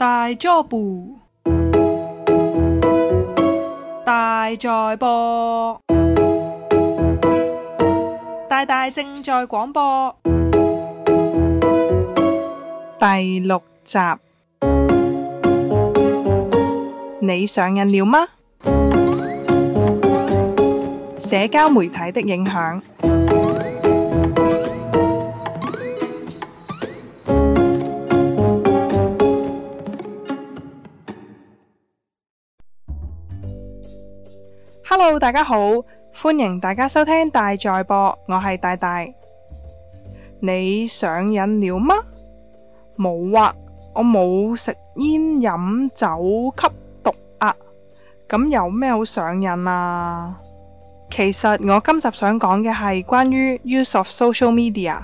大 job，大在播，大大正在廣播，第六集，你上癮了嗎？社交媒體的影響。Hello，大家好，歡迎大家收聽大在播，我係大大。你上癮了嗎？冇啊，我冇食煙、飲酒、吸毒啊。咁有咩好上癮啊？其實我今集想講嘅係關於 use of social media。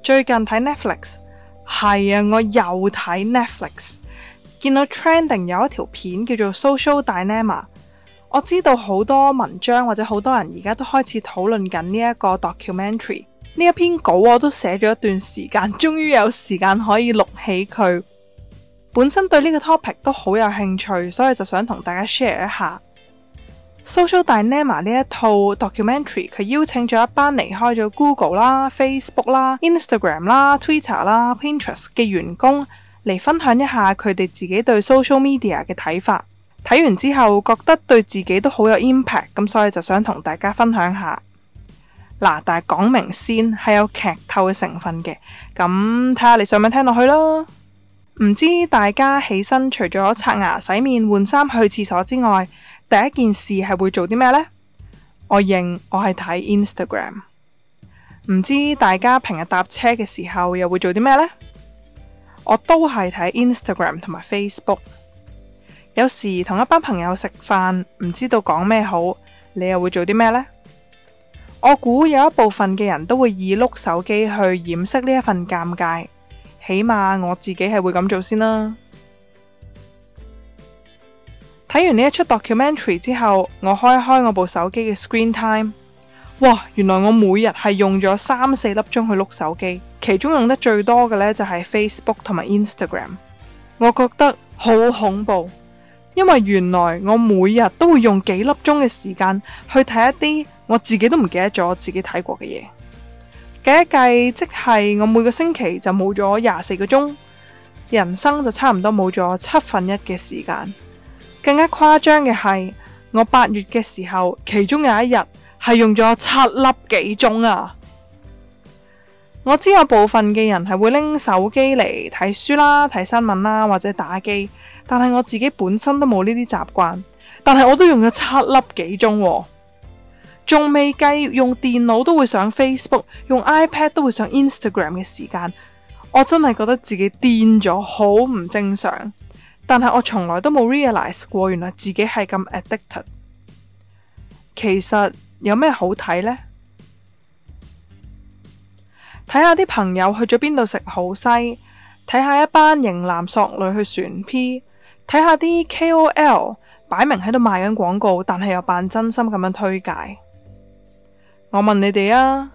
最近睇 Netflix，係啊，我又睇 Netflix，見到 trending 有一條片叫做 Social Dilemma 我知道好多文章或者好多人而家都開始討論緊呢一個 documentary。呢一篇稿我都寫咗一段時間，終於有時間可以錄起佢。本身對呢個 topic 都好有興趣，所以就想同大家 share 一下。Social Dilemma 呢一套 documentary，佢邀請咗一班離開咗 Google 啦、Facebook 啦、Instagram 啦、Twitter 啦、Pinterest 嘅員工嚟分享一下佢哋自己對 social media 嘅睇法。睇完之後覺得對自己都好有 impact，咁所以就想同大家分享下嗱，啊，但係講明先係有劇透嘅成分嘅，咁睇下你想唔想聽落去囉？唔知大家起身除咗刷牙、洗面、換衫、去廁所之外，第一件事係會做啲咩呢？我認我係睇 Instagram，唔知大家平日搭車嘅時候又會做啲咩呢？我都係睇 Instagram 同埋 Facebook。有時同一班朋友食飯，唔知道講咩好，你又會做啲咩呢？我估有一部分嘅人都會以碌手機去掩飾呢一份尷尬，起碼我自己係會咁做先啦。睇完呢一齣 documentary 之後，我開開我部手機嘅 Screen Time，哇！原來我每日係用咗三四粒鐘去碌手機，其中用得最多嘅呢就係 Facebook 同埋 Instagram，我覺得好恐怖。因為原來我每日都會用幾粒鐘嘅時間去睇一啲我自己都唔記得咗自己睇過嘅嘢，計一計即係我每個星期就冇咗廿四個鐘，人生就差唔多冇咗七分一嘅時間。更加誇張嘅係，我八月嘅時候，其中有一日係用咗七粒幾鐘啊！我知有部分嘅人係會拎手機嚟睇書啦、睇新聞啦或者打機。但係我自己本身都冇呢啲習慣，但係我都用咗七粒幾鐘，哦，仲未計用電腦都會上 Facebook，用 iPad 都會上 Instagram 嘅時間，我真係覺得自己癲咗，好唔正常。但係我從來都冇 realize 過，原來自己係咁 addicted。其實有咩好睇呢？睇下啲朋友去咗邊度食好西，睇下一班型男索女去船 P。睇下啲 KOL 擺明喺度賣緊廣告，但係又扮真心咁樣推介。我問你哋啊，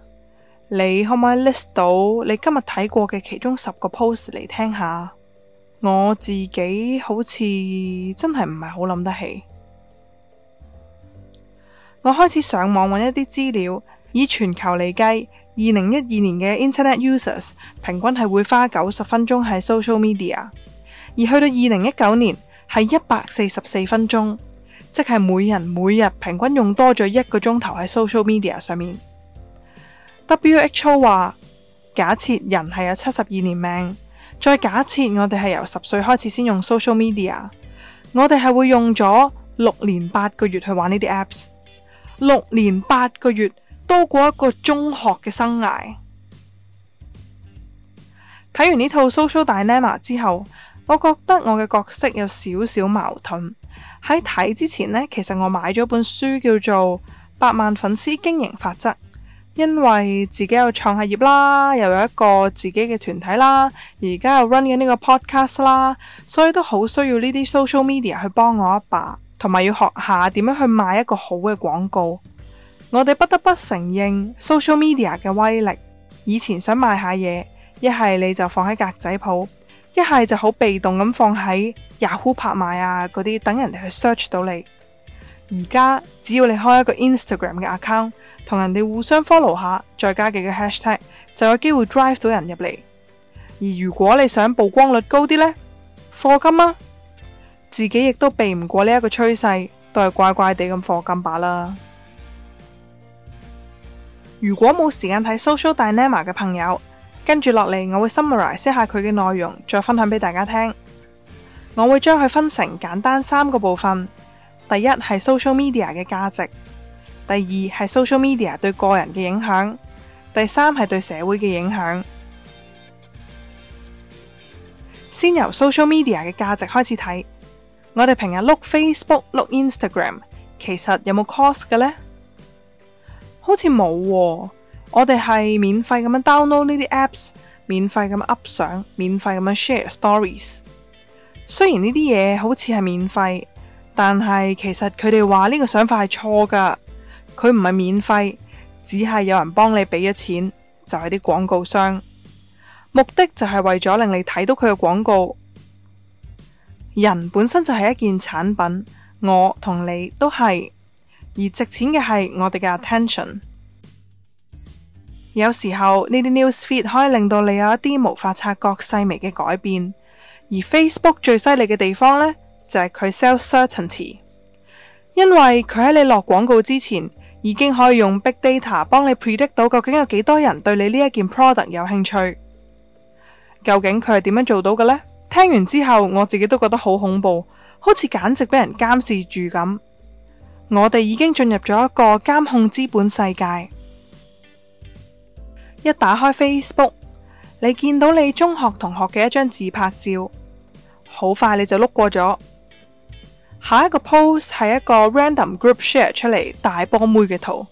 你可唔可以 list 到你今日睇過嘅其中十個 post 嚟聽下？我自己好似真係唔係好諗得起。我開始上網揾一啲資料，以全球嚟計，二零一二年嘅 Internet users 平均係會花九十分鐘喺 social media，而去到二零一九年。係一百四十四分鐘，即係每人每日平均用多咗一個鐘頭喺 social media 上面。WHO 話，假設人係有七十二年命，再假設我哋係由十歲開始先用 social media，我哋係會用咗六年八個月去玩呢啲 apps，六年八個月多過一個中學嘅生涯。睇完呢套 social dilemma 之後。我覺得我嘅角色有少少矛盾。喺睇之前呢，其實我買咗本書叫做《百萬粉絲經營法則》，因為自己有創下業啦，又有一個自己嘅團體啦，而家又 run 緊呢個 podcast 啦，所以都好需要呢啲 social media 去幫我一把，同埋要學下點樣去賣一個好嘅廣告。我哋不得不承認 social media 嘅威力。以前想賣下嘢，一係你就放喺格仔鋪。一係就好被動咁放喺 Yahoo 拍賣啊嗰啲，等人哋去 search 到你，而家只要你開一個 Instagram 嘅 account，同人哋互相 follow 下，再加幾個 hashtag 就有機會 drive 到人入嚟。而如果你想曝光率高啲呢，課金啊，自己亦都避唔過呢一個趨勢，都係乖乖地咁課金罷啦。如果冇時間睇 Social Dilemma 嘅朋友，跟住落嚟，我會 summarize 下佢嘅內容，再分享俾大家聽。我會將佢分成簡單三個部分：第一係 social media 嘅價值，第二係 social media 對個人嘅影響，第三係對社會嘅影響。先由 social media 嘅價值開始睇，我哋平日碌 Facebook、碌 Instagram，其實有冇 cost 嘅呢？好似冇喎。我哋係免費咁樣 download 呢啲 apps，免費咁樣 up 相，免費咁樣 share stories。雖然呢啲嘢好似係免費，但係其實佢哋話呢個想法係錯噶。佢唔係免費，只係有人幫你俾咗錢，就係啲廣告商。目的就係為咗令你睇到佢嘅廣告。人本身就係一件產品，我同你都係，而值錢嘅係我哋嘅 attention。有時候呢啲 news feed 可以令到你有一啲無法察覺細微嘅改變，而 Facebook 最犀利嘅地方呢，就係佢 sell certainty，因為佢喺你落廣告之前，已經可以用 big data 幫你 predict 到究竟有幾多人對你呢一件 product 有興趣。究竟佢係點樣做到嘅呢？聽完之後我自己都覺得好恐怖，好似簡直俾人監視住咁。我哋已經進入咗一個監控資本世界。一打開 Facebook，你見到你中學同學嘅一張自拍照，好快你就碌過咗。下一個 post 係一個 random group share 出嚟大波妹嘅圖，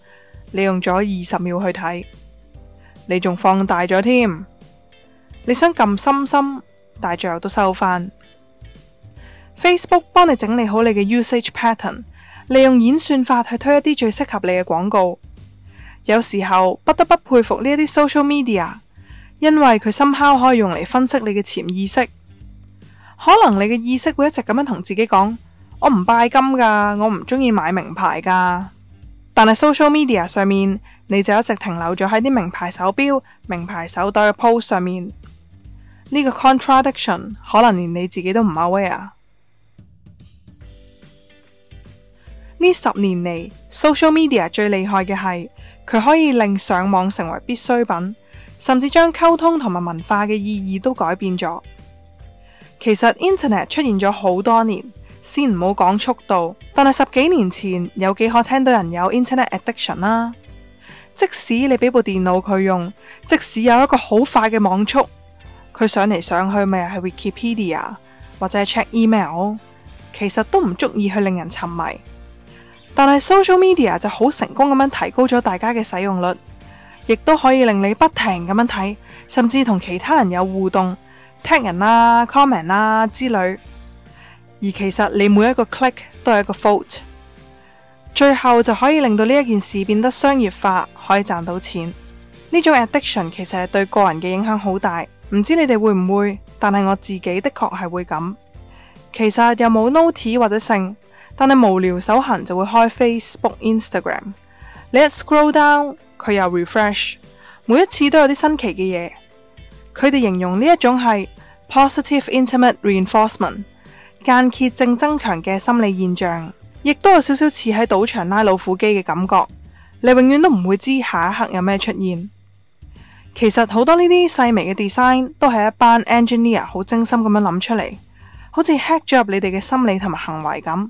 你用咗二十秒去睇，你仲放大咗添。你想撳心心，但係最後都收翻。Facebook 幫你整理好你嘅 usage pattern，利用演算法去推一啲最適合你嘅廣告。有時候不得不佩服呢一啲 social media，因為佢 somehow 可以用嚟分析你嘅潛意識。可能你嘅意識會一直咁樣同自己講，我唔拜金噶，我唔中意買名牌噶。但係 social media 上面你就一直停留咗喺啲名牌手錶、名牌手袋嘅 post 上面呢，這個 contradiction，可能連你自己都唔 aware。呢十年嚟，social media 最厲害嘅係。佢可以令上網成為必需品，甚至將溝通同埋文化嘅意義都改變咗。其實 Internet 出現咗好多年，先唔好講速度，但係十幾年前有幾可聽到人有 Internet addiction 啦？啊。即使你俾部電腦佢用，即使有一個好快嘅網速，佢上嚟，上去咪係 Wikipedia 或者係 check email，其實都唔足以去令人沉迷。但係 social media 就好成功咁樣提高咗大家嘅使用率，亦都可以令你不停咁樣睇，甚至同其他人有互動，踢人啦、comment 啦之類。而其實你每一個 click 都係一個 vote，最後就可以令到呢一件事變得商業化，可以賺到錢。呢種 addiction 其實係對個人嘅影響好大，唔知你哋會唔會？但係我自己的確係會咁。其實有冇 notice 或者性。但係無聊手痕就會開 Facebook、Instagram，你一 scroll down 佢又 refresh，每一次都有啲新奇嘅嘢。佢哋形容呢一種係 positive intermittent reinforcement 間歇性增強嘅心理現象，亦都有少少似喺賭場拉老虎機嘅感覺。你永遠都唔會知下一刻有咩出現。其實好多呢啲細微嘅 design 都係一班 engineer 好精心咁樣諗出嚟，好似 hack 咗入你哋嘅心理同埋行為咁。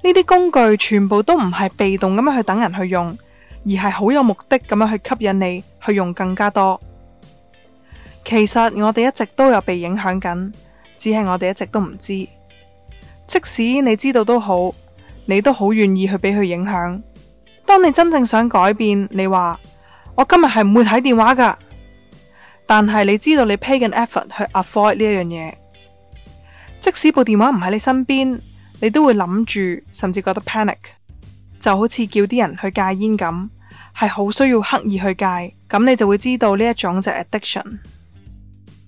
呢啲工具全部都唔係被動咁樣去等人去用，而係好有目的咁樣去吸引你去用更加多。其實我哋一直都有被影響緊，只係我哋一直都唔知。即使你知道都好，你都好願意去俾佢影響。當你真正想改變，你話我今日係唔會睇電話㗎，但係你知道你 pay 緊 effort 去 avoid 呢一樣嘢。即使部電話唔喺你身邊。你都會諗住，甚至覺得 panic，就好似叫啲人去戒煙咁，係好需要刻意去戒。咁你就會知道呢一種就係 addiction。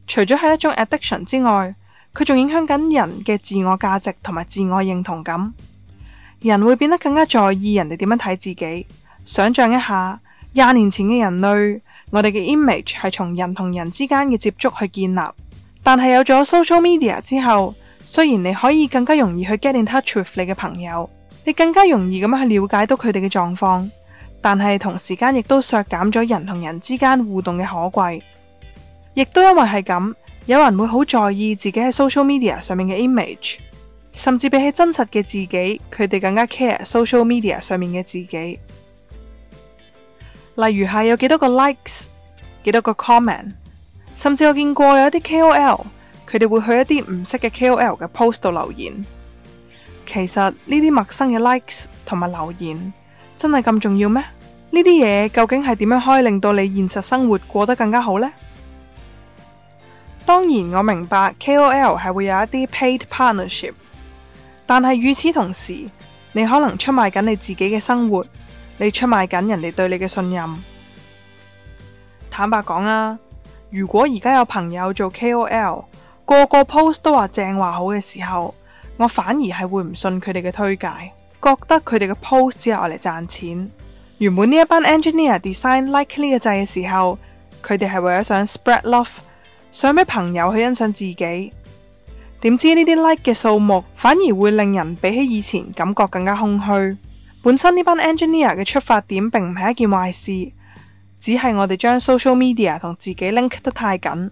除咗係一種 addiction 之外，佢仲影響緊人嘅自我價值同埋自我認同感。人會變得更加在意人哋點樣睇自己。想象一下，廿年前嘅人類，我哋嘅 image 係從人同人之間嘅接觸去建立，但係有咗 social media 之後，雖然你可以更加容易去 get in touch with 你嘅朋友，你更加容易咁去了解到佢哋嘅狀況，但係同時間亦都削減咗人同人之間互動嘅可貴，亦都因為係咁，有人會好在意自己喺 social media 上面嘅 image，甚至比起真實嘅自己，佢哋更加 care social media 上面嘅自己。例如係有幾多個 likes，幾多個 comment，甚至我見過有一啲 KOL。佢哋會去一啲唔識嘅 KOL 嘅 post 度留言。其實呢啲陌生嘅 likes 同埋留言真係咁重要咩？呢啲嘢究竟係點樣可以令到你現實生活過得更加好呢？當然我明白 KOL 係會有一啲 paid partnership，但係與此同時，你可能出賣緊你自己嘅生活，你出賣緊人哋對你嘅信任。坦白講啊，如果而家有朋友做 KOL。個個 post 都話正話好嘅時候，我反而係會唔信佢哋嘅推介，覺得佢哋嘅 post 只係用嚟賺錢。原本呢一班 engineer、design、like 呢個掣嘅時候，佢哋係為咗想 spread love，想俾朋友去欣賞自己。點知呢啲 like 嘅數目反而會令人比起以前感覺更加空虛。本身呢班 engineer 嘅出發點並唔係一件壞事，只係我哋將 social media 同自己 link 得太緊。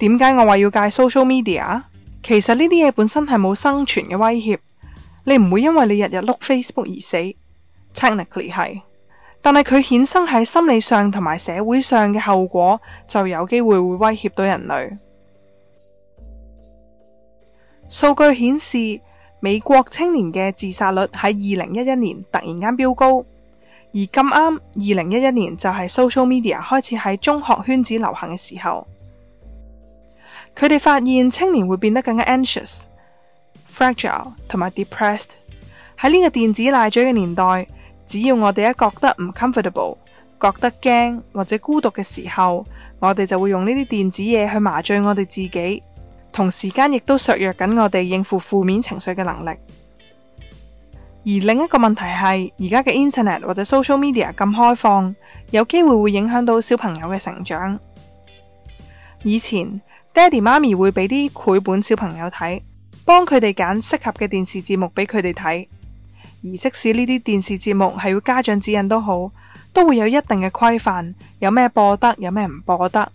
點解我話要戒 social media？其實呢啲嘢，本身係冇生存嘅威脅，你唔會因為你日日碌 Facebook 而死，technically 係。但係佢衍生喺心理上同埋社會上嘅後果，就有機會會威脅到人類。數據顯示，美國青年嘅自殺率喺二零一一年突然間飆高，而咁啱二零一一年就係 social media 開始喺中學圈子流行嘅時候。佢哋發現青年會變得更加 anxious、fragile 同埋 depressed。喺呢個電子奶嘴嘅年代，只要我哋一覺得唔 comfortable、覺得驚或者孤獨嘅時候，我哋就會用呢啲電子嘢去麻醉我哋自己，同時間亦都削弱緊我哋應付負面情緒嘅能力。而另一個問題係而家嘅 internet 或者 social media 咁開放，有機會會影響到小朋友嘅成長。以前。爹哋媽咪會俾啲繪本小朋友睇，幫佢哋揀適合嘅電視節目俾佢哋睇。而即使呢啲電視節目係要家長指引都好，都會有一定嘅規範，有咩播得，有咩唔播得。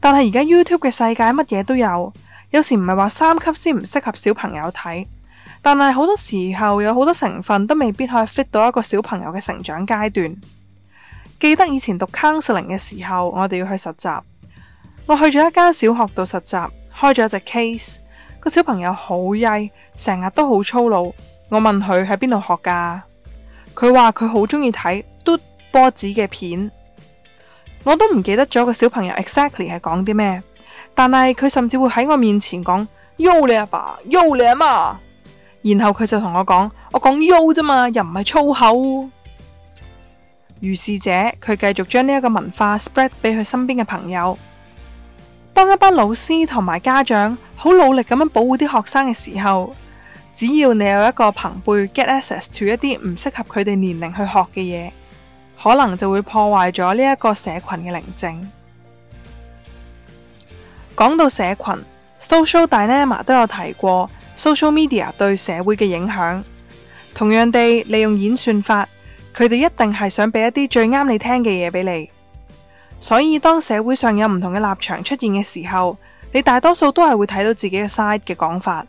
但係而家 YouTube 嘅世界乜嘢都有，有時唔係話三級先唔適合小朋友睇，但係好多時候有好多成分都未必可以 fit 到一個小朋友嘅成長階段。記得以前讀 counseling 嘅時候，我哋要去實習。我去咗一間小學度實習，開咗一隻 case，個小朋友好曳，成日都好粗魯。我問佢喺邊度學噶，佢話佢好中意睇嘟波子嘅片。我都唔記得咗個小朋友 exactly 係講啲咩，但係佢甚至會喺我面前講 Yo 你阿爸 Yo 你阿媽，然後佢就同我講我講 Yo 啫嘛，又唔係粗口。於是者，佢繼續將呢一個文化 spread 俾佢身邊嘅朋友。當一班老師同埋家長好努力咁樣保護啲學生嘅時候，只要你有一個朋輩 get access to 一啲唔適合佢哋年齡去學嘅嘢，可能就會破壞咗呢一個社群嘅寧靜。講到社群，Social Dilemma 都有提過 social media 對社會嘅影響。同樣地，利用演算法，佢哋一定係想俾一啲最啱你聽嘅嘢俾你。所以當社會上有唔同嘅立場出現嘅時候，你大多數都係會睇到自己嘅 side 嘅講法。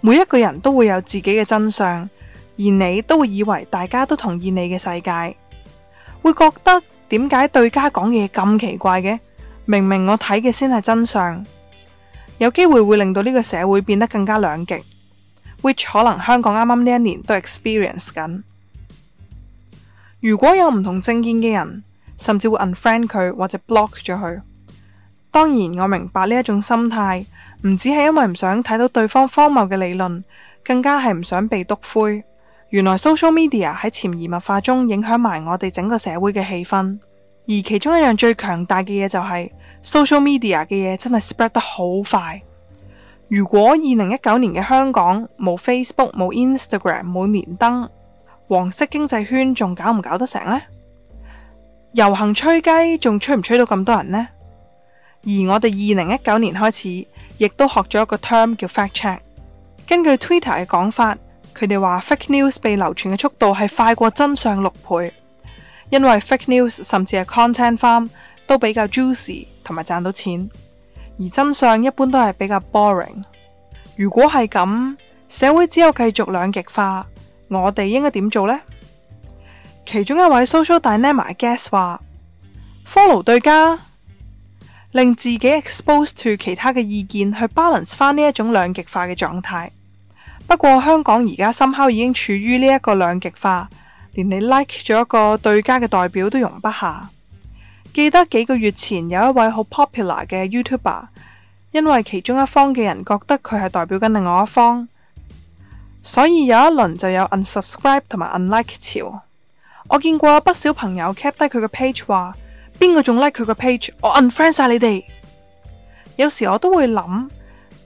每一個人都會有自己嘅真相，而你都會以為大家都同意你嘅世界，會覺得點解對家講嘢咁奇怪嘅？明明我睇嘅先係真相，有機會會令到呢個社會變得更加兩極 ，which 可能香港啱啱呢一年都 experience 緊。如果有唔同政見嘅人，甚至會 unfriend 佢或者 block 咗佢。當然，我明白呢一種心態，唔止係因為唔想睇到對方荒謬嘅理論，更加係唔想被督灰。原來 social media 喺潛移默化中影響埋我哋整個社會嘅氣氛，而其中一樣最強大嘅嘢就係、是、social media 嘅嘢真係 spread 得好快。如果二零一九年嘅香港冇 Facebook 冇 Instagram 冇連登，黃色經濟圈仲搞唔搞得成呢？遊行吹雞，仲吹唔吹到咁多人呢？而我哋二零一九年開始，亦都學咗一個 term 叫 fact check。根據 Twitter 嘅講法，佢哋話 fake news 被流傳嘅速度係快過真相六倍，因為 fake news 甚至係 content farm 都比較 juicy 同埋賺到錢，而真相一般都係比較 boring。如果係咁，社會只有繼續兩極化，我哋應該點做呢？其中一位 Social Dilemma guest 話：follow 對家，令自己 exposed to 其他嘅意見，去 balance 翻呢一種兩極化嘅狀態。不過香港而家深秋已經處於呢一個兩極化，連你 like 咗一個對家嘅代表都容不下。記得幾個月前有一位好 popular 嘅 YouTuber，因為其中一方嘅人覺得佢係代表緊另外一方，所以有一輪就有 unsubscribe 同埋 unlike 潮。我見過不少朋友 cap 低佢嘅 page，話邊個仲 like 佢嘅 page，我 unfriend 晒你哋。有時我都會諗，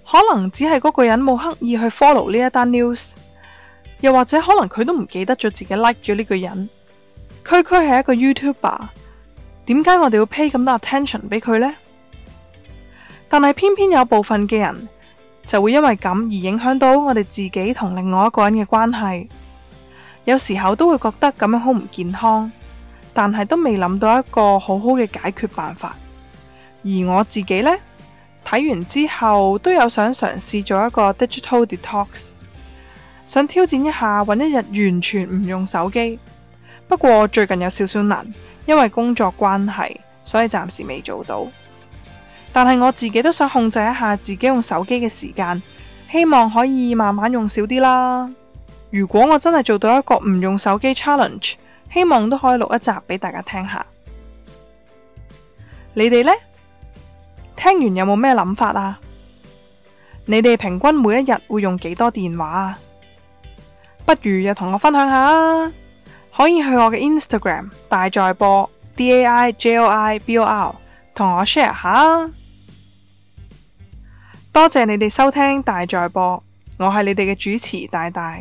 可能只係嗰個人冇刻意去 follow 呢一單 news，又或者可能佢都唔記得咗自己 like 咗呢個人。區區係一個 YouTuber，點解我哋要 pay 咁多 attention 俾佢呢？但係偏偏有部分嘅人就會因為咁而影響到我哋自己同另外一個人嘅關係。有時候都會覺得咁樣好唔健康，但係都未諗到一個好好嘅解決辦法。而我自己呢，睇完之後，都有想嘗試做一個 Digital Detox，想挑戰一下，搵一日完全唔用手機。不過最近有少少難，因為工作關係，所以暫時未做到。但係我自己都想控制一下自己用手機嘅時間，希望可以慢慢用少啲啦。如果我真係做到一個唔用手機 challenge，希望都可以錄一集俾大家聽下。你哋呢？聽完有冇咩諗法啊？你哋平均每一日會用幾多電話啊？不如又同我分享下啊！可以去我嘅 Instagram 大在播 d a i j o i b o r 同我 share 下！多謝你哋收聽大在播，我係你哋嘅主持大大。